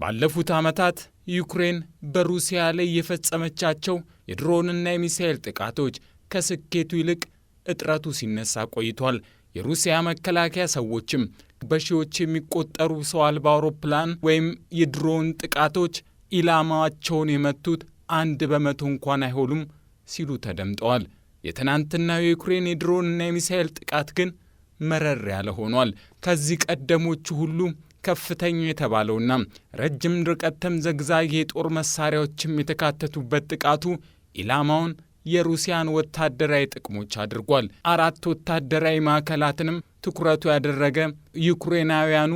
ባለፉት ዓመታት ዩክሬን በሩሲያ ላይ የፈጸመቻቸው የድሮንና የሚሳኤል ጥቃቶች ከስኬቱ ይልቅ እጥረቱ ሲነሳ ቆይቷል። የሩሲያ መከላከያ ሰዎችም በሺዎች የሚቆጠሩ ሰው አልባ አውሮፕላን ወይም የድሮን ጥቃቶች ኢላማቸውን የመቱት አንድ በመቶ እንኳን አይሆኑም ሲሉ ተደምጠዋል። የትናንትናው የዩክሬን የድሮንና የሚሳኤል ጥቃት ግን መረር ያለ ሆኗል። ከዚህ ቀደሞቹ ሁሉ ከፍተኛ የተባለውና ረጅም ርቀት ተምዘግዛጊ የጦር መሳሪያዎችም የተካተቱበት ጥቃቱ ኢላማውን የሩሲያን ወታደራዊ ጥቅሞች አድርጓል። አራት ወታደራዊ ማዕከላትንም ትኩረቱ ያደረገ ዩክሬናውያኑ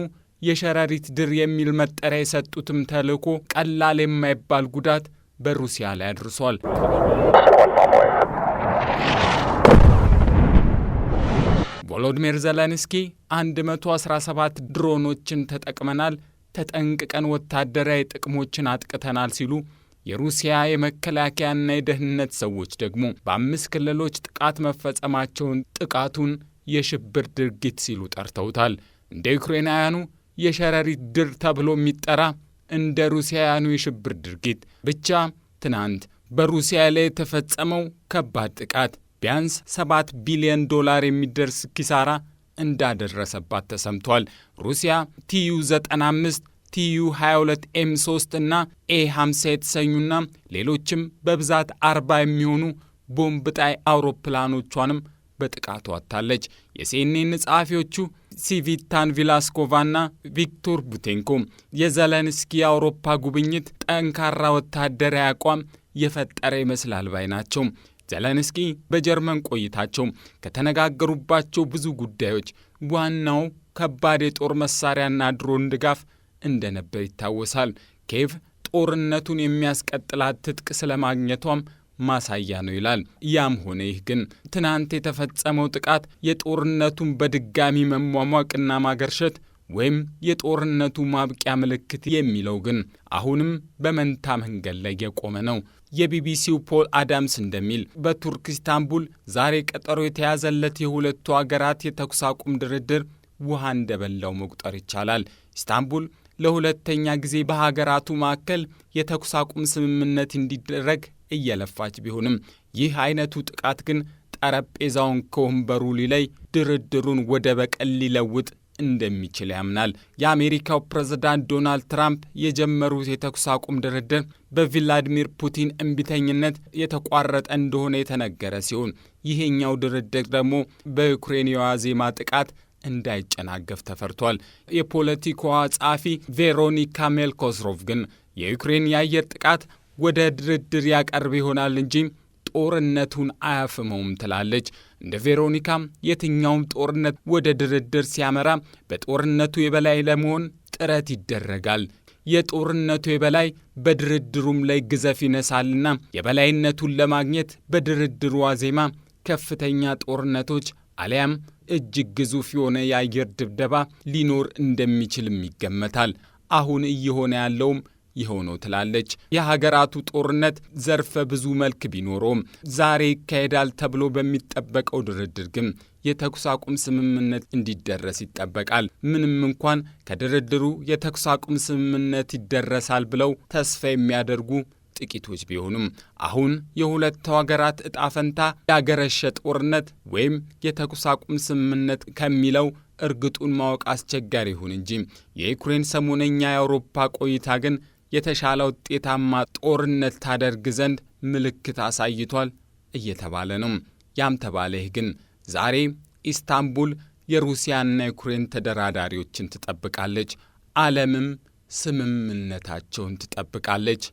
የሸረሪት ድር የሚል መጠሪያ የሰጡትም ተልዕኮ ቀላል የማይባል ጉዳት በሩሲያ ላይ አድርሷል። ቮሎዲሚር ዘለንስኪ 117 ድሮኖችን ተጠቅመናል፣ ተጠንቅቀን ወታደራዊ ጥቅሞችን አጥቅተናል ሲሉ የሩሲያ የመከላከያና የደህንነት ሰዎች ደግሞ በአምስት ክልሎች ጥቃት መፈጸማቸውን ጥቃቱን የሽብር ድርጊት ሲሉ ጠርተውታል። እንደ ዩክሬናውያኑ የሸረሪት ድር ተብሎ የሚጠራ እንደ ሩሲያውያኑ የሽብር ድርጊት ብቻ ትናንት በሩሲያ ላይ የተፈጸመው ከባድ ጥቃት ቢያንስ ሰባት ቢሊዮን ዶላር የሚደርስ ኪሳራ እንዳደረሰባት ተሰምቷል። ሩሲያ ቲዩ 95 ቲዩ 22 ኤም 3 እና ኤ 50 የተሰኙና ሌሎችም በብዛት 40 የሚሆኑ ቦምብ ጣይ አውሮፕላኖቿንም በጥቃቱ አታለች። የሴኔን ጸሐፊዎቹ ሲቪታን ቪላስኮቫና ቪክቶር ቡቴንኮ የዘለንስኪ የአውሮፓ ጉብኝት ጠንካራ ወታደራዊ አቋም የፈጠረ ይመስላል ባይ ናቸው። ዘለንስኪ በጀርመን ቆይታቸው ከተነጋገሩባቸው ብዙ ጉዳዮች ዋናው ከባድ የጦር መሳሪያና ድሮን ድጋፍ እንደነበር ይታወሳል። ኬቭ ጦርነቱን የሚያስቀጥላት ትጥቅ ስለማግኘቷም ማሳያ ነው ይላል። ያም ሆነ ይህ ግን ትናንት የተፈጸመው ጥቃት የጦርነቱን በድጋሚ መሟሟቅና ማገርሸት ወይም የጦርነቱ ማብቂያ ምልክት የሚለው ግን አሁንም በመንታ መንገድ ላይ የቆመ ነው። የቢቢሲው ፖል አዳምስ እንደሚል በቱርክ ኢስታንቡል ዛሬ ቀጠሮ የተያዘለት የሁለቱ አገራት የተኩስ አቁም ድርድር ውሃ እንደበላው መቁጠር ይቻላል። ኢስታንቡል ለሁለተኛ ጊዜ በሀገራቱ መካከል የተኩስ አቁም ስምምነት እንዲደረግ እየለፋች ቢሆንም ይህ አይነቱ ጥቃት ግን ጠረጴዛውን ከወንበሩ ሊለይ፣ ድርድሩን ወደ በቀል ሊለውጥ እንደሚችል ያምናል። የአሜሪካው ፕሬዝዳንት ዶናልድ ትራምፕ የጀመሩት የተኩስ አቁም ድርድር በቪላዲሚር ፑቲን እምቢተኝነት የተቋረጠ እንደሆነ የተነገረ ሲሆን ይሄኛው ድርድር ደግሞ በዩክሬን የዋዜማ ጥቃት እንዳይጨናገፍ ተፈርቷል። የፖለቲካዋ ጸሐፊ ቬሮኒካ ሜልኮስሮቭ ግን የዩክሬን የአየር ጥቃት ወደ ድርድር ያቀርብ ይሆናል እንጂ ጦርነቱን አያፍመውም ትላለች። እንደ ቬሮኒካ የትኛውም ጦርነት ወደ ድርድር ሲያመራ በጦርነቱ የበላይ ለመሆን ጥረት ይደረጋል። የጦርነቱ የበላይ በድርድሩም ላይ ግዘፍ ይነሳልና የበላይነቱን ለማግኘት በድርድሩ ዋዜማ ከፍተኛ ጦርነቶች አሊያም እጅግ ግዙፍ የሆነ የአየር ድብደባ ሊኖር እንደሚችልም ይገመታል። አሁን እየሆነ ያለውም የሆነው ትላለች። የሀገራቱ ጦርነት ዘርፈ ብዙ መልክ ቢኖረውም ዛሬ ይካሄዳል ተብሎ በሚጠበቀው ድርድር ግን የተኩስ አቁም ስምምነት እንዲደረስ ይጠበቃል። ምንም እንኳን ከድርድሩ የተኩስ አቁም ስምምነት ይደረሳል ብለው ተስፋ የሚያደርጉ ጥቂቶች ቢሆኑም አሁን የሁለቱ ሀገራት እጣ ፈንታ ያገረሸ ጦርነት ወይም የተኩስ አቁም ስምምነት ከሚለው እርግጡን ማወቅ አስቸጋሪ ይሁን እንጂ የዩክሬን ሰሞነኛ የአውሮፓ ቆይታ ግን የተሻለ ውጤታማ ጦርነት ታደርግ ዘንድ ምልክት አሳይቷል እየተባለ ነው። ያም ተባለ ይህ ግን ዛሬ ኢስታንቡል የሩሲያና ዩክሬን ተደራዳሪዎችን ትጠብቃለች። ዓለምም ስምምነታቸውን ትጠብቃለች።